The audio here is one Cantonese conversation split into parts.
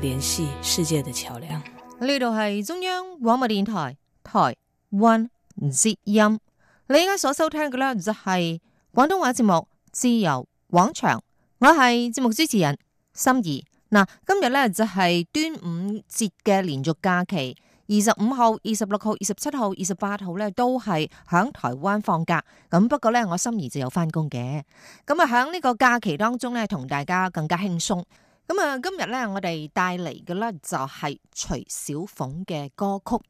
聯繫世界的橋梁。呢度係中央廣播電台台灣節音，你而家所收聽嘅咧就係廣東話節目《自由廣場》，我係節目主持人心儀。嗱，今日咧就係端午節嘅連續假期，二十五號、二十六號、二十七號、二十八號咧都係響台灣放假。咁不過咧，我心儀就有翻工嘅。咁啊，響呢個假期當中咧，同大家更加輕鬆。咁啊，今日咧，我哋帶嚟嘅咧就係徐小鳳嘅歌曲。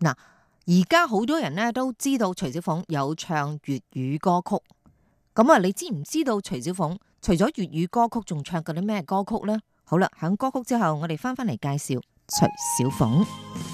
嗱，而家好多人咧都知道徐小鳳有唱粵語歌曲。咁啊，你知唔知道徐小鳳除咗粵語歌曲，仲唱過啲咩歌曲呢？好啦，響歌曲之後，我哋翻返嚟介紹徐小鳳。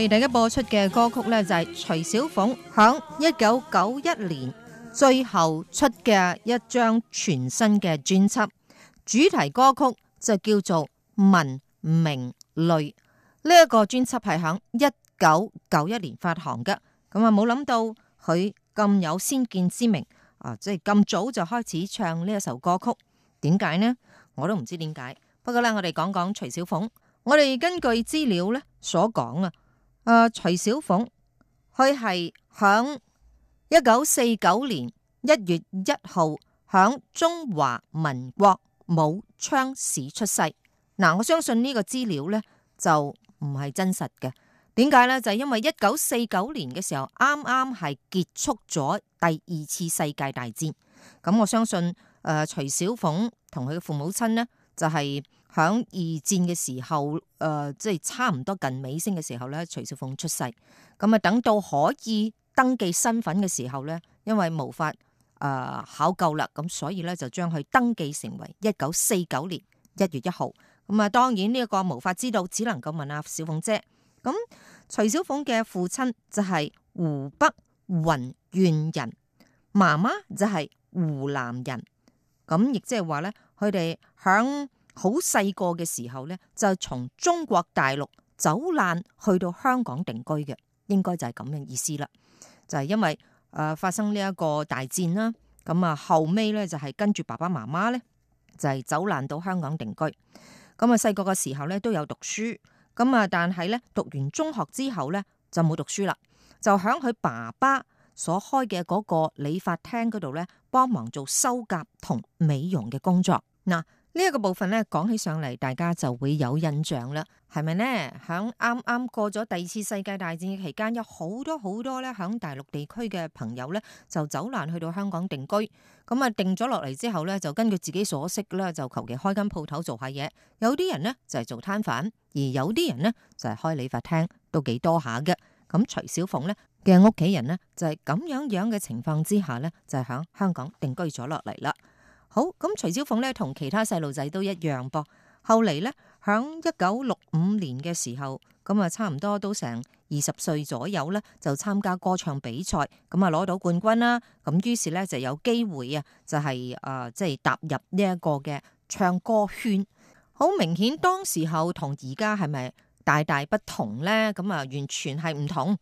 為大家播出嘅歌曲咧，就係、是、徐小鳳響一九九一年最後出嘅一張全新嘅專輯，主題歌曲就叫做《文明淚》。呢、這、一個專輯係響一九九一年發行嘅，咁啊冇諗到佢咁有先見之明啊！即係咁早就開始唱呢一首歌曲，點解呢？我都唔知點解。不過咧，我哋講講徐小鳳，我哋根據資料咧所講啊。誒、呃，徐小鳳，佢係響一九四九年一月一號響中華民國武昌市出世。嗱、呃，我相信呢個資料咧就唔係真實嘅。點解咧？就係、是、因為一九四九年嘅時候，啱啱係結束咗第二次世界大戰。咁、嗯、我相信，誒、呃，徐小鳳同佢嘅父母親咧就係、是。喺二戰嘅時候，誒、呃、即、就、係、是、差唔多近尾聲嘅時候咧，徐小鳳出世。咁、嗯、啊，等到可以登記身份嘅時候咧，因為無法誒、呃、考究啦，咁、嗯、所以咧就將佢登記成為一九四九年一月一號。咁、嗯、啊，當然呢一個無法知道，只能夠問阿小鳳姐。咁、嗯，徐小鳳嘅父親就係湖北云縣人，媽媽就係湖南人。咁亦即係話咧，佢哋響。好細個嘅時候咧，就從中國大陸走難去到香港定居嘅，應該就係咁嘅意思啦。就係、是、因為誒、呃、發生呢一個大戰啦，咁啊後尾咧就係、是、跟住爸爸媽媽咧就係、是、走難到香港定居。咁、嗯、啊細個嘅時候咧都有讀書，咁啊但係咧讀完中學之後咧就冇讀書啦，就響佢爸爸所開嘅嗰個理髮廳嗰度咧幫忙做修甲同美容嘅工作嗱。啊呢一個部分咧，講起上嚟，大家就會有印象啦，係咪呢？響啱啱過咗第二次世界大戰嘅期間，有好多好多咧，響大陸地區嘅朋友咧，就走難去到香港定居。咁啊，定咗落嚟之後咧，就根據自己所識咧，就求其開間鋪頭做下嘢。有啲人呢，就係做攤販，而有啲人呢，就係開理髮廳，都幾多下嘅。咁徐小鳳咧嘅屋企人呢，就係咁樣樣嘅情況之下咧，就喺香港定居咗落嚟啦。好咁，徐小鳳咧同其他細路仔都一樣噃。後嚟咧，響一九六五年嘅時候，咁啊差唔多都成二十歲左右咧，就參加歌唱比賽，咁啊攞到冠軍啦。咁於是咧就有機會啊、就是呃，就係誒即係踏入呢一個嘅唱歌圈。好明顯，當時候同而家係咪大大不同咧？咁啊，完全係唔同。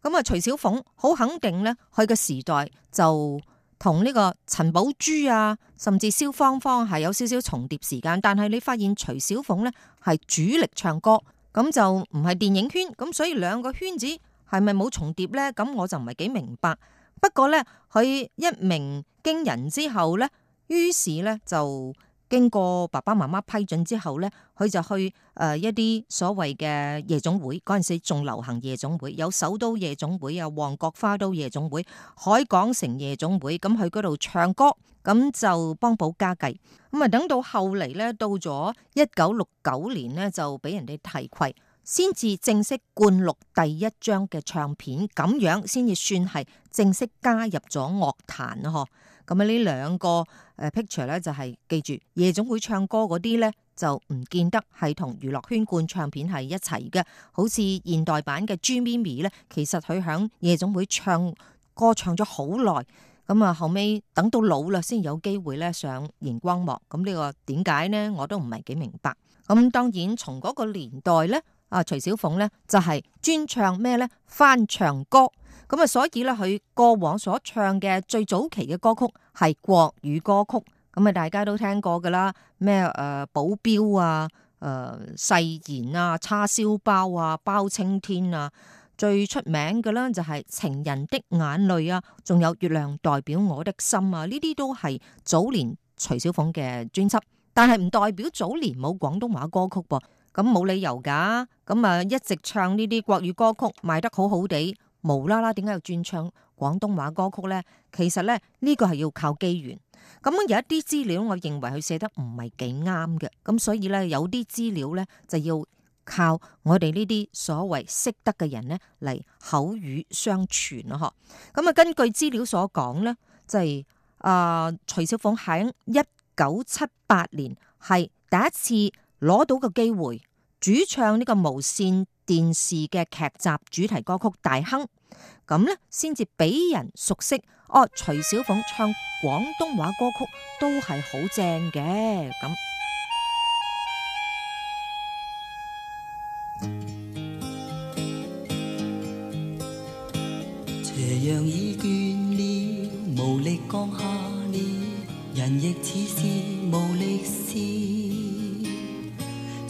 咁啊，徐小鳳好肯定咧，佢嘅時代就同呢個陳寶珠啊，甚至蕭芳芳係有少少重疊時間，但係你發現徐小鳳咧係主力唱歌，咁就唔係電影圈，咁所以兩個圈子係咪冇重疊咧？咁我就唔係幾明白。不過咧，佢一鳴驚人之後咧，於是咧就。經過爸爸媽媽批准之後咧，佢就去誒、呃、一啲所謂嘅夜總會，嗰陣時仲流行夜總會，有首都夜總會啊、有旺角花都夜總會、海港城夜總會，咁去嗰度唱歌，咁就幫補家計。咁啊，等到後嚟咧，到咗一九六九年咧，就俾人哋提攜，先至正式灌錄第一張嘅唱片，咁樣先至算係正式加入咗樂壇咯。咁啊，兩呢兩個誒 picture 咧，就係、是、記住夜總會唱歌嗰啲咧，就唔見得係同娛樂圈灌唱片係一齊嘅。好似現代版嘅朱咪咪咧，其實佢響夜總會唱歌唱咗好耐，咁啊後尾等到老啦，先有機會咧上熒光幕。咁呢個點解咧？我都唔係幾明白。咁當然從嗰個年代咧。啊，徐小鳳咧就係、是、專唱咩咧翻唱歌，咁啊所以咧佢過往所唱嘅最早期嘅歌曲係國語歌曲，咁啊大家都聽過噶啦，咩誒、呃、保鏢啊、誒誓言啊、叉燒包啊、包青天啊，最出名嘅啦，就係情人的眼淚啊，仲有月亮代表我的心啊，呢啲都係早年徐小鳳嘅專輯，但係唔代表早年冇廣東話歌曲噃、啊。咁冇理由噶，咁啊一直唱呢啲國語歌曲賣得好好地，無啦啦點解要轉唱廣東話歌曲咧？其實咧呢個係要靠機緣。咁有一啲資料，我認為佢寫得唔係幾啱嘅，咁所以咧有啲資料咧就要靠我哋呢啲所謂識得嘅人咧嚟口語相傳咯。嗬，咁啊根據資料所講咧，就係、是、啊、呃、徐小鳳喺一九七八年係第一次。攞到個機會主唱呢個無線電視嘅劇集主題歌曲《大亨》，咁呢先至俾人熟悉。哦，徐小鳳唱廣東話歌曲都係好正嘅。咁。斜陽已倦了，無力降下，人亦似是無力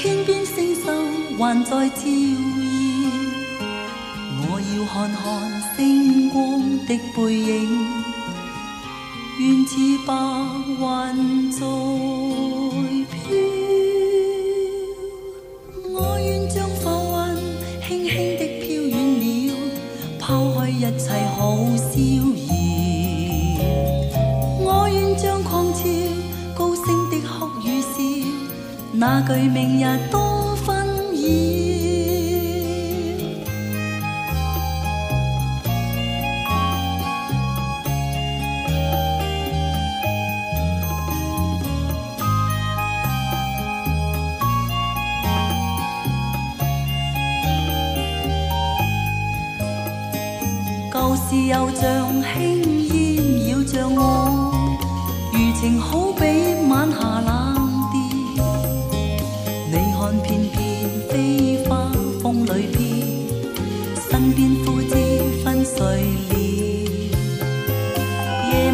天邊星宿還在照耀，我要看看星光的背影，願似白雲在飄。我願將浮雲輕輕的飄遠了，拋開一切好逍遙。我願將狂潮高聲的哭與笑，那句名。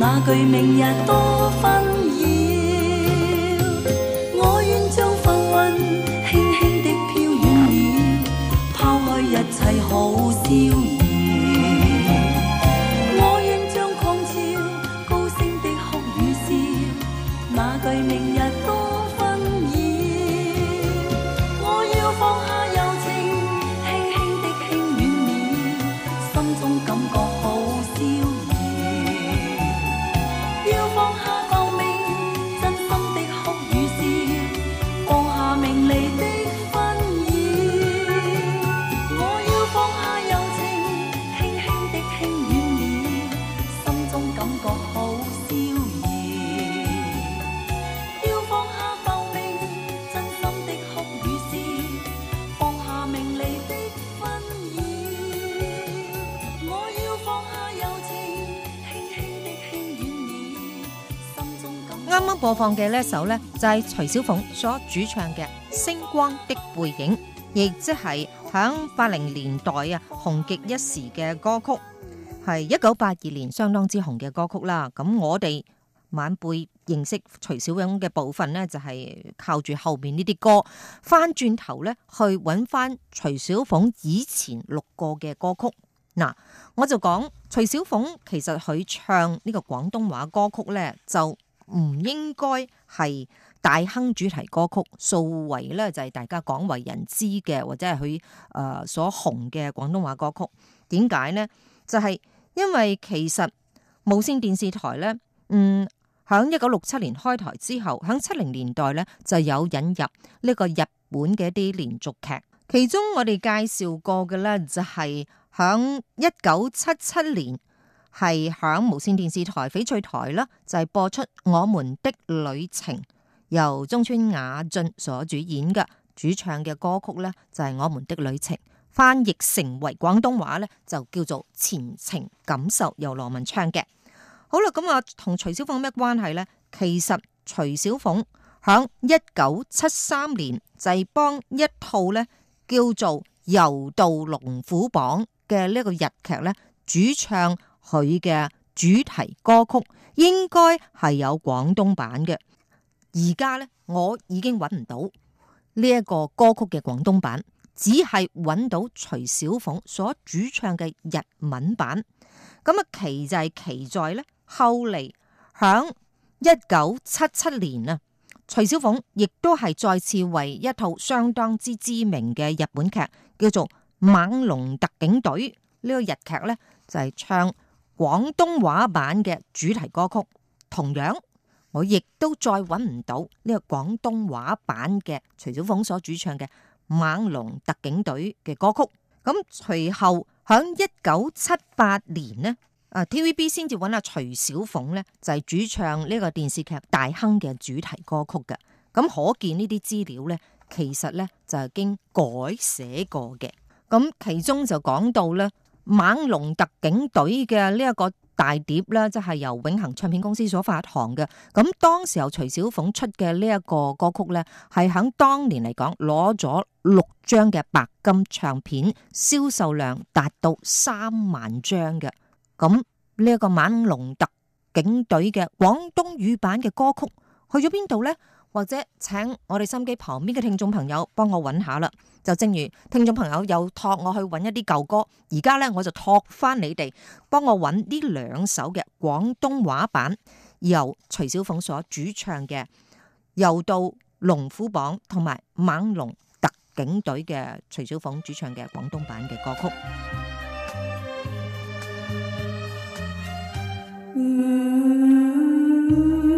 那句明日多紛擾，我願將浮雲輕輕的飄遠了，拋開一切好逍遙。播放嘅呢一首呢，就係徐小鳳所主唱嘅《星光的背影》，亦即係響八零年代啊，紅極一時嘅歌曲，係一九八二年相當之紅嘅歌曲啦。咁我哋晚輩認識徐小鳳嘅部分呢，就係靠住後邊呢啲歌翻轉頭呢，去揾翻徐小鳳以前錄過嘅歌曲嗱。我就講徐小鳳其實佢唱呢個廣東話歌曲呢，就。唔應該係大亨主題歌曲，數為咧就係大家廣為人知嘅，或者係佢誒所紅嘅廣東話歌曲。點解咧？就係因為其實無線電視台咧，嗯，響一九六七年開台之後，響七零年代咧就有引入呢個日本嘅一啲連續劇。其中我哋介紹過嘅咧，就係響一九七七年。係響無線電視台翡翠台啦，就係、是、播出《我們的旅程》，由中村雅俊所主演嘅主唱嘅歌曲咧，就係、是《我們的旅程》。翻譯成為廣東話咧，就叫做《前程感受》，由羅文唱嘅。好啦，咁啊，同徐小鳳咩關係咧？其實徐小鳳響一九七三年就係幫一套咧叫做《柔道龍虎榜》嘅呢個日劇咧主唱。佢嘅主題歌曲應該係有廣東版嘅，而家咧，我已經揾唔到呢一個歌曲嘅廣東版，只係揾到徐小鳳所主唱嘅日文版。咁啊，奇就係奇在咧，後嚟響一九七七年啊，徐小鳳亦都係再次為一套相當之知名嘅日本劇叫做《猛龍特警隊》呢個日劇咧，就係唱廣東話版嘅主題歌曲，同樣我亦都再搵唔到呢個廣東話版嘅徐小鳳所主唱嘅《猛龍特警隊》嘅歌曲。咁隨後響一九七八年呢，啊 TVB 先至搵阿徐小鳳咧，就係主唱呢個電視劇《大亨》嘅主題歌曲嘅。咁可見呢啲資料咧，其實咧就係經改寫過嘅。咁其中就講到咧。《猛龍特警隊》嘅呢一個大碟咧，即係由永恆唱片公司所發行嘅。咁當時候徐小鳳出嘅呢一個歌曲咧，係喺當年嚟講攞咗六張嘅白金唱片，銷售量達到三萬張嘅。咁呢一個《猛龍特警隊》嘅廣東語版嘅歌曲去咗邊度咧？或者請我哋心機旁邊嘅聽眾朋友幫我揾下啦。就正如聽眾朋友又託我去揾一啲舊歌，而家呢，我就託翻你哋幫我揾呢兩首嘅廣東話版，由徐小鳳所主唱嘅，又到《龍虎榜》同埋《猛龍特警隊》嘅徐小鳳主唱嘅廣東版嘅歌曲。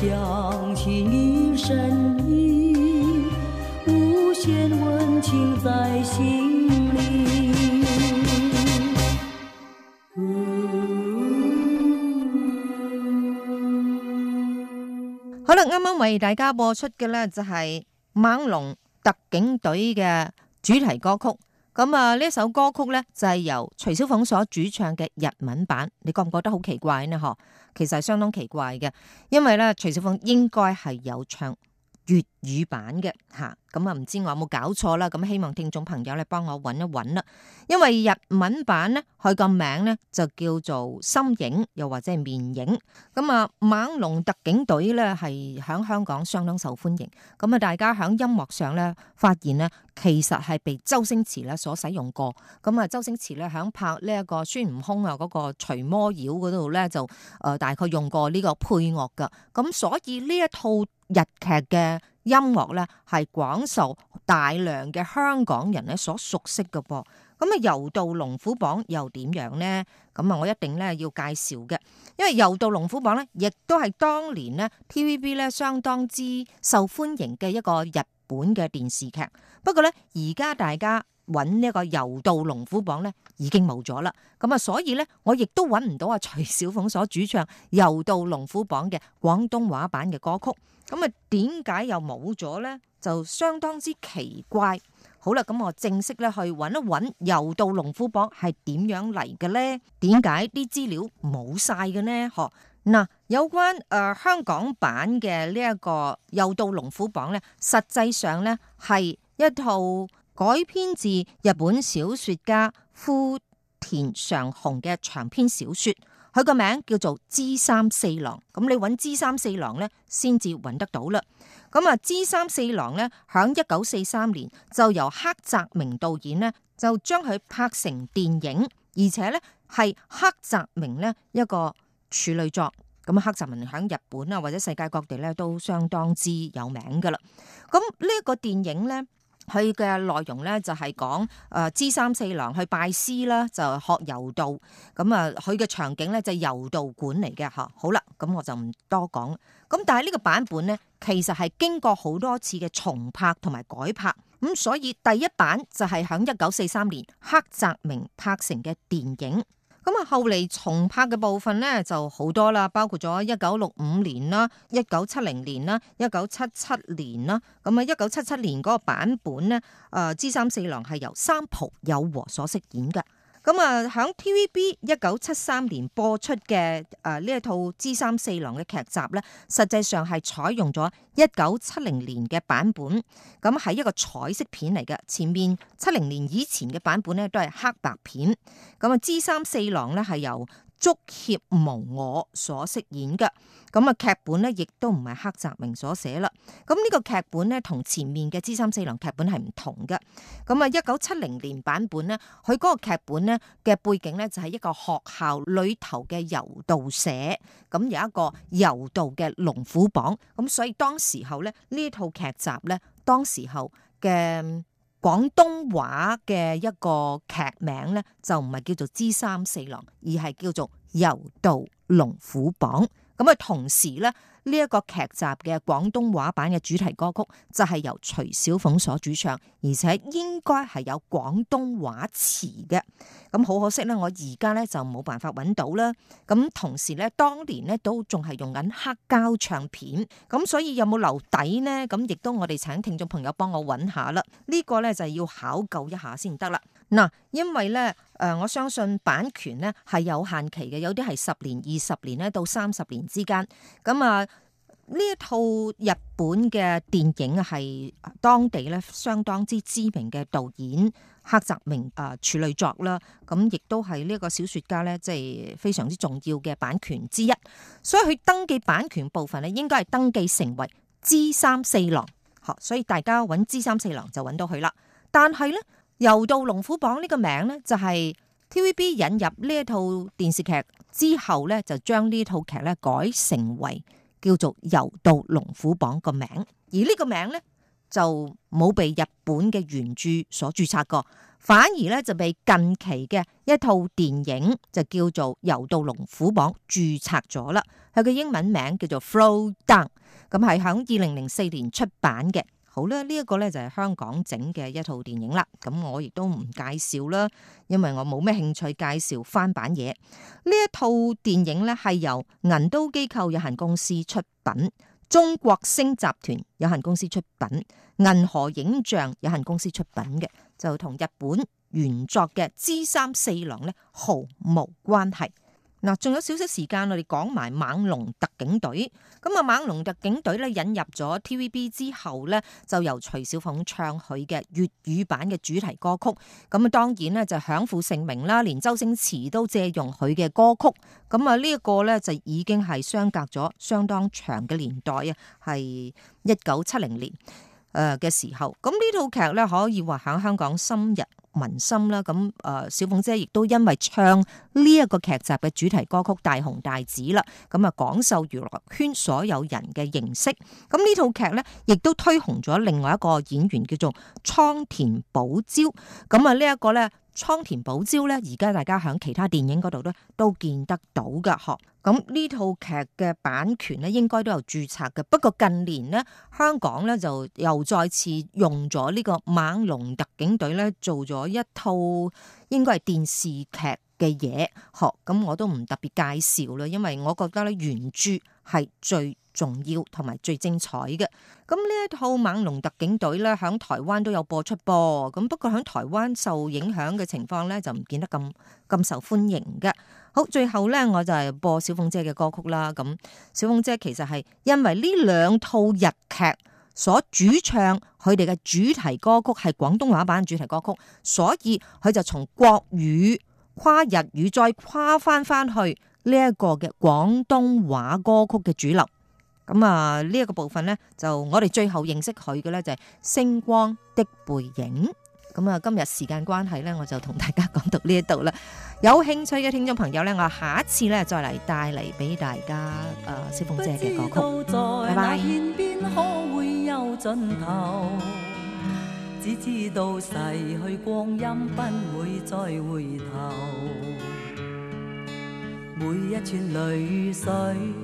想起你身影，無限溫情在心裏。好啦，啱啱為大家播出嘅咧就係《猛龍特警隊》嘅主題歌曲。咁啊，呢一首歌曲咧就係由徐小鳳所主唱嘅日文版，你覺唔覺得好奇怪呢？嗬，其實係相當奇怪嘅，因為咧徐小鳳應該係有唱粵語版嘅吓。咁啊，唔知我有冇搞錯啦？咁希望聽眾朋友咧，幫我揾一揾啦。因為日文版咧，佢個名咧就叫做《心影》，又或者係《面影》。咁啊，《猛龍特警隊》咧係喺香港相當受歡迎。咁啊，大家喺音樂上咧發現咧，其實係被周星馳咧所使用過。咁啊，周星馳咧喺拍呢一個孫悟空啊嗰個除魔妖嗰度咧，就誒大概用過呢個配樂噶。咁所以呢一套日劇嘅。音樂咧係廣受大量嘅香港人咧所熟悉嘅噃，咁啊《柔道龍虎榜》又點樣咧？咁啊我一定咧要介紹嘅，因為《柔道龍虎榜》咧，亦都係當年咧 TVB 咧相當之受歡迎嘅一個日本嘅電視劇。不過咧，而家大家。揾呢一個《柔道龍虎榜》咧，已經冇咗啦。咁啊，所以咧，我亦都揾唔到啊。徐小鳳所主唱《柔道龍虎榜》嘅廣東話版嘅歌曲，咁、嗯、啊，點解又冇咗咧？就相當之奇怪。好啦，咁、嗯、我正式咧去揾一揾《柔道龍虎榜》係點樣嚟嘅咧？點解啲資料冇晒嘅呢？嗬、哦、嗱，有關誒、呃、香港版嘅呢一個《柔道龍虎榜》咧，實際上咧係一套。改編自日本小說家富田常雄嘅長篇小說，佢個名叫做《姿三四郎》。咁你搵《姿三四郎呢》咧，先至搵得到啦。咁啊，《姿三四郎呢》咧響一九四三年就由黑澤明導演咧，就將佢拍成電影，而且咧係黑澤明咧一個處女作。咁黑澤明響日本啊或者世界各地咧都相當之有名噶啦。咁呢一個電影咧。佢嘅內容咧就係講誒，姿三四郎去拜師啦，就學柔道。咁啊，佢嘅場景咧就係柔道館嚟嘅吓。好啦，咁我就唔多講。咁但係呢個版本咧，其實係經過好多次嘅重拍同埋改拍。咁所以第一版就係響一九四三年黑澤明拍成嘅電影。咁啊，後嚟重拍嘅部分咧就好多啦，包括咗一九六五年啦、一九七零年啦、一九七七年啦。咁啊，一九七七年嗰個版本咧，誒，姿三四郎係由三浦友和所飾演㗎。咁啊，喺 TVB 一九七三年播出嘅誒呢一套《姿三四郎》嘅劇集咧，實際上係採用咗一九七零年嘅版本，咁係一個彩色片嚟嘅。前面七零年以前嘅版本咧，都係黑白片。咁啊，《姿三四郎》呢咧係由足協無我所飾演嘅，咁啊劇本咧亦都唔係黑澤明所寫啦。咁、這、呢個劇本咧同前面嘅《姿三四郎》劇本係唔同嘅。咁啊，一九七零年版本咧，佢嗰個劇本咧嘅背景咧就係一個學校裏頭嘅柔道社，咁有一個柔道嘅龍虎榜，咁所以當時候咧呢套劇集咧，當時候嘅。廣東話嘅一個劇名咧，就唔係叫做《姿三四郎》，而係叫做《柔道龍虎榜》。咁啊，同時咧，呢、這、一個劇集嘅廣東話版嘅主題歌曲就係由徐小鳳所主唱，而且應該係有廣東話詞嘅。咁好可惜咧，我而家咧就冇辦法揾到啦。咁同時咧，當年咧都仲係用緊黑膠唱片，咁所以有冇留底呢？咁亦都我哋請聽眾朋友幫我揾下啦。呢、這個咧就要考究一下先得啦。嗱，因為咧誒，我相信版權咧係有限期嘅，有啲係十年、二十年咧到三十年之間。咁啊，呢一套日本嘅電影係當地咧相當之知名嘅導演黑澤明誒處女作啦。咁亦都係呢一個小說家咧，即係非常之重要嘅版權之一。所以佢登記版權部分咧，應該係登記成為《姿三四郎》。嗬，所以大家揾《姿三四郎》就揾到佢啦。但係咧。《柔道龍虎榜》呢個名咧，就係 T V B 引入呢一套電視劇之後咧，就將呢套劇咧改成為叫做《柔道龍虎榜》個名。而呢個名咧就冇被日本嘅原著所註冊過，反而咧就被近期嘅一套電影就叫做《柔道龍虎榜註冊》註冊咗啦。佢嘅英文名叫做《Flow Down》，咁係喺二零零四年出版嘅。好啦，呢、這、一個咧就係香港整嘅一套電影啦。咁我亦都唔介紹啦，因為我冇咩興趣介紹翻版嘢。呢一套電影咧係由銀都機構有限公司出品、中國星集團有限公司出品、銀河影像有限公司出品嘅，就同日本原作嘅《姿三四郎》咧毫無關係。嗱，仲有少少時間，我哋講埋《猛龍特警隊》。咁啊，《猛龍特警隊》咧引入咗 TVB 之後咧，就由徐小鳳唱佢嘅粵語版嘅主題歌曲。咁啊，當然咧就享負盛名啦，連周星馳都借用佢嘅歌曲。咁啊，呢一個咧就已經係相隔咗相當長嘅年代啊，係一九七零年誒嘅時候。咁呢套劇咧可以話喺香港深入民心啦，咁誒小鳳姐亦都因為唱呢一個劇集嘅主題歌曲《大紅大紫》啦，咁啊廣受娛樂圈所有人嘅認識。咁呢套劇咧，亦都推紅咗另外一個演員叫做倉田保昭。咁啊呢一個咧。倉田保昭咧，而家大家喺其他電影嗰度咧都見得到噶，呵。咁呢套劇嘅版權咧，應該都有注冊噶。不過近年咧，香港咧就又再次用咗呢個《猛龍特警隊》咧做咗一套應該係電視劇嘅嘢，呵。咁我都唔特別介紹啦，因為我覺得咧原著係最。重要同埋最精彩嘅。咁呢一套《猛龍特警隊》咧，響台灣都有播出噃。咁不過響台灣受影響嘅情況咧，就唔見得咁咁受歡迎嘅。好，最後咧我就係播小鳳姐嘅歌曲啦。咁小鳳姐其實係因為呢兩套日劇所主唱佢哋嘅主題歌曲係廣東話版主題歌曲，所以佢就從國語跨日語，再跨翻翻去呢一個嘅廣東話歌曲嘅主流。咁啊，呢一個部分咧，就我哋最後認識佢嘅咧，就係《星光的背影》。咁啊，今日時間關係咧，我就同大家講到呢一度啦。有興趣嘅聽眾朋友咧，我下一次咧再嚟帶嚟俾大家誒，小鳳姐嘅歌曲。拜拜。在邊可會有盡頭，只知道逝去光陰不會再回頭，每一串淚水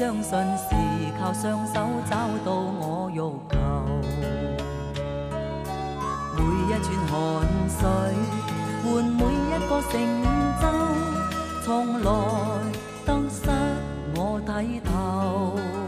相信是靠雙手找到我欲求，每一串汗水換每一個成就，從來得失我睇透。